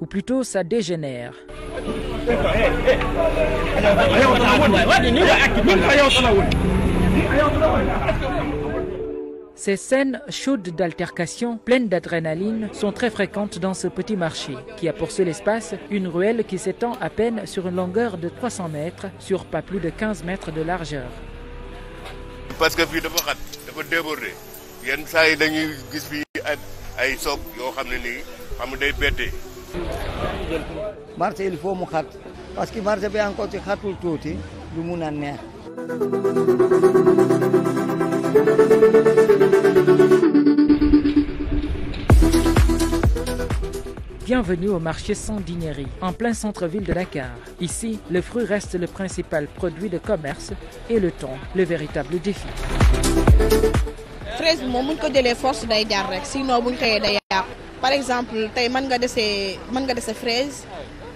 ou plutôt ça dégénère. Ces scènes chaudes d'altercation, pleines d'adrénaline, sont très fréquentes dans ce petit marché, qui a pour seul espace une ruelle qui s'étend à peine sur une longueur de 300 mètres, sur pas plus de 15 mètres de largeur. parce que fii dafa xat dafa débordé yenn saa yi dañuy gis fii ak ay soog yoo xam ne nii xam day bettee marché il faut mu xat parce que marché bi encore ci xatul tuuti du mun a neex. Bienvenue au marché Sandiniéry, en plein centre-ville de Dakar. Ici, le fruit reste le principal produit de commerce et le thon, le véritable défi. fraise bi moom bu ñu ko jëlee force day jar rek sinon bu ñu koy day par exemple tey mën nga desee mën nga dese fraise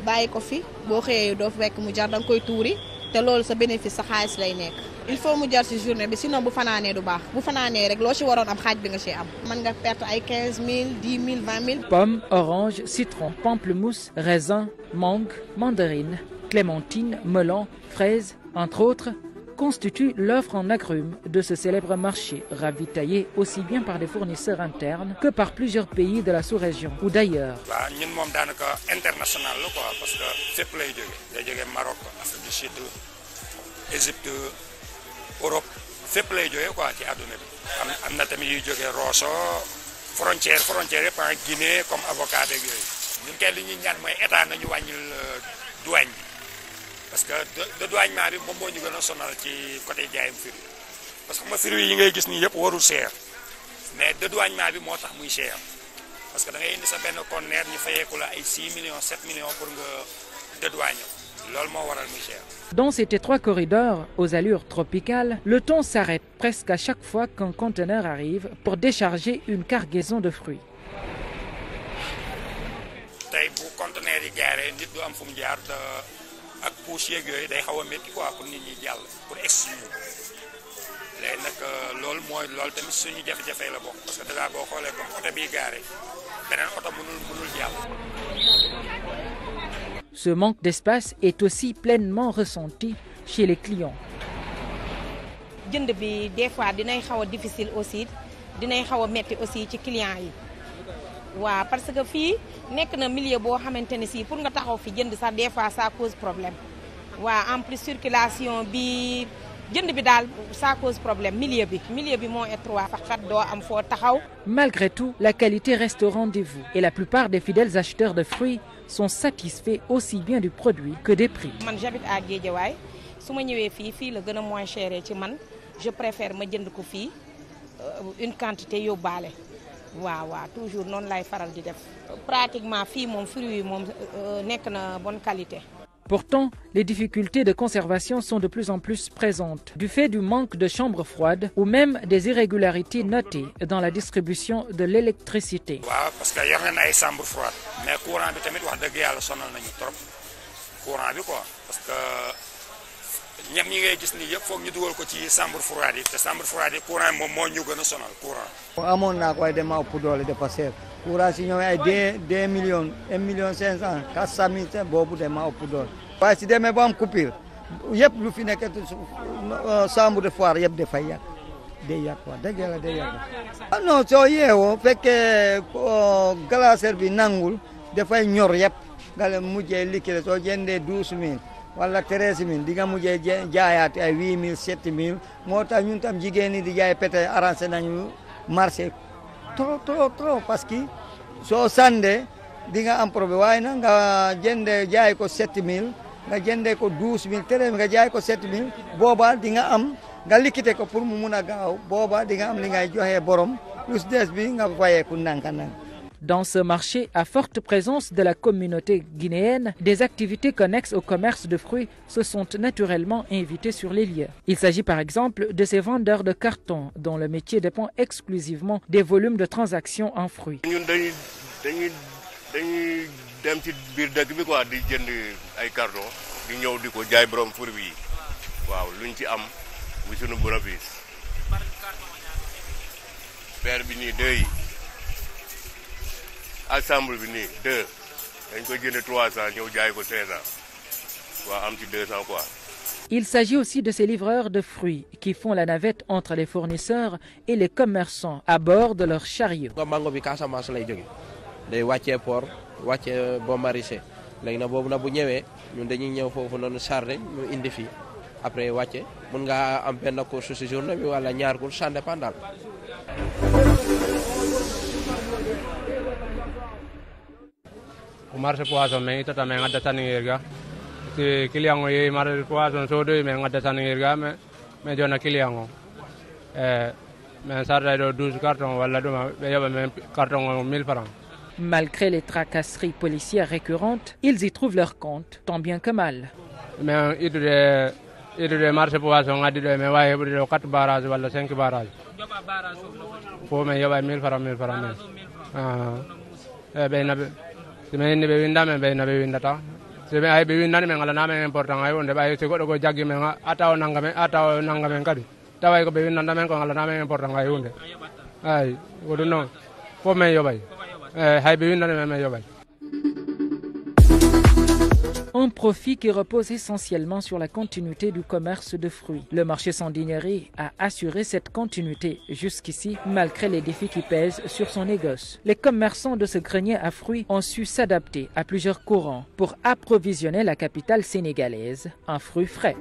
bàyyi ko fi boo xëyee doo fekk mu jar da nga koy tuuri te loolu sa bénéfice sa xaalis lay nekk il faut mu jar ci journée bi sinon bu fanaanee du baax bu fanaanee rek loo ci waroon am xaaj bi nga ci am mën nga perte ay 15000 10000 20000 pomme orange citron pamplemousse raisin mangue mandarine clémentine melon fraise entre autres constitue l'offre en agrumes de ce célèbre marché, ravitaillé aussi bien par des fournisseurs internes que par plusieurs pays de la sous-région ou d'ailleurs. waaw ñun moom daanaka international la quoi parce que fépp lay jógee day jógee Maroc Afrique du Sud Égypte Europe fépp lay jógee quoi ci àdduna bi. am am na tamit yuy jógee Rosso frontière frontière yëpp en ah, Guinée comme avocat beeg yooyu ñun kay li ñuy ñaan mooy état nañu wàññil euh, douane bi. parce que dédouanement bi moom moo ñu gën a sonal ci côté jaayam fruits parce que ma fruits yi ngay gis ni yëpp warul cher mais dédouanement bi moo tax muy cher parce que da ngay indi sa benn conteneur ñu fayeeku la ay 6 millions 7 millions pour nga dédouaner loolu moo waral muy cher. Dans cet étroit corridor aux allures tropicales, le temps s'arrête presque à chaque fois qu'un conteneur arrive pour décharger une cargaison de fruits. ak couche yeeg yooyu day xaw a métti quoi pour nit ñi jàll pour exprimer léegi nag euh, loolu mooy loolu tamit suñu jafe-jafe la bokk parce que dèjà boo xoolee comme oto bii gaare beneen oto mënul mënul jàll. Ce manque d'espace est aussi pleinement ressenti chez les clients. jënd bi des fois dinay xaw a difficile aussi dinay xaw a métti aussi ci clients yi waaw parce que fii nekk na millier boo xamante ne si pour nga taxaw fi jënd sax des fois ça cause problème waaw en plus circulation bi jënd bi daal ça cause problème milieu bi milieu bi moo étroit fa xat doo am foo taxaw. Malgré tout la qualité reste au rendez-vous et la plupart des fidèles acheteurs de fruits sont satisfaits aussi bien du produit que des prix. man j'habite à Guédiawaye su ma ñëwee fii fii la gën a moins cher ci man je préfère ma jënd ko fii euh, une quantité yóbbaale. waaw waaw toujours noonu lay faral di def pratiquement fii moom fruit yi moom euh, nekk na bonne qualité. Pourtant, les difficultés de conservation sont de plus en plus présentes du fait du manque de chambres froides ou même des irrégularités notées dans la distribution de l'électricité. waaw parce que yor ngeen ay chambre froide mais courant bi tamit wax dëgg yàlla sonal nañu trop courant bi parce que. ñam ñi ngay gis nii yëpp foog ñu dugal ko ci chambre froide yi moom moo ñu gën a sonal courant. amoon naa ko waaye dama ëpp doole dépassé courant si ñoom ay deux million cinq cent quatre cent mille boobu dama ëpp doole. waaye si demee ba am coupure lu fi nekk euh, chambre de foire yëpp dafay yàq day yàq wax dëgg yàlla day yàq. ah non soo yeewoo fekkee euh, glacière bi nangul dafay ñor yëpp nga leen mujjee liquide soo jëndee douze mille. wala treize mille di nga mujjee jaayaati ay huit mille sept mille moo tax ñun tam jigéen ñi di jaay pete arrangé nañu marché trop trop trop parce que soo sande di nga am problème waaye na nga jëndee jaay ko sept mille nga jëndee ko douze mille treize nga jaay ko sept mille boobaa di nga am nga liquide ko pour mu mun a gaaw boobaa di nga am li ngay joxe borom plus des bi nga fayeeku nanka nang Dans ce marché à forte présence de la communauté guinéenne, des activités connexes au commerce de fruits se sont naturellement invitées sur les lieux. Il s'agit par exemple de ces vendeurs de carton dont le métier dépend exclusivement des volumes de transactions en fruits. dañuy dem ci biir dëkk bi quoi di jënd ay carton di ñëw di ko jaay borom fur bi waaw luñ ci am bu sunu bénéfice. per ensemble bi nii deux dañ koy jënd trois cent ñëw jaay ko cinq cent waa am ci deux cent quoi. Il s'agit aussi de ces livreurs de fruits qui font la navette entre les fournisseurs et les commerçants à bord de leur chariot. mango bi Casamance lay jóge day wàccee port wàccee bon maraîcher léegi na boobu na bu ñëwee ñun dañuy ñëw foofu noonu chargé ñu indi fii après wàcce mun nga am benn course si journée bi wala ñaar course ça dépend daal. marché poisson men itata men gaddataniger ga si client o yeehi marché poisson sodoyi men gaddataniger ga mais jona client o e min sarday ɗo 12 carton walla ɗuma ɓe yoɓa min carton o 1000 francs Malgré les tracasseries policières récurrentes, ils y trouvent leur compte, tant bien que mal. Mais idude idude marché poisson addi ɗo min wawi heɓude ɗo 4 barrage walla 5 barrage fof min yoɓa 1000 francs 1000 francs min ɓeynaɓe sime inni ɓe winda men ɓeyna ɓe windata sime ay ɓe windani men ala namen important ay wonde ɓay si goɗɗo ko jaggi men a taw nanga men a taw nanga men kadi taway ko ɓe windanta men ko ala namen important ay wonde ay ko ɗum noon fof men yoɓay eyi eh, hay ɓe windani men men yoɓay un profit qui repose essentiellement sur la continuité du commerce de fruits. Le marché sandinierie a assuré cette continuité jusqu'ici, malgré les défis qui pèsent sur son négoce. Les commerçants de ce grenier à fruits ont su s'adapter à plusieurs courants pour approvisionner la capitale sénégalaise en fruits frais.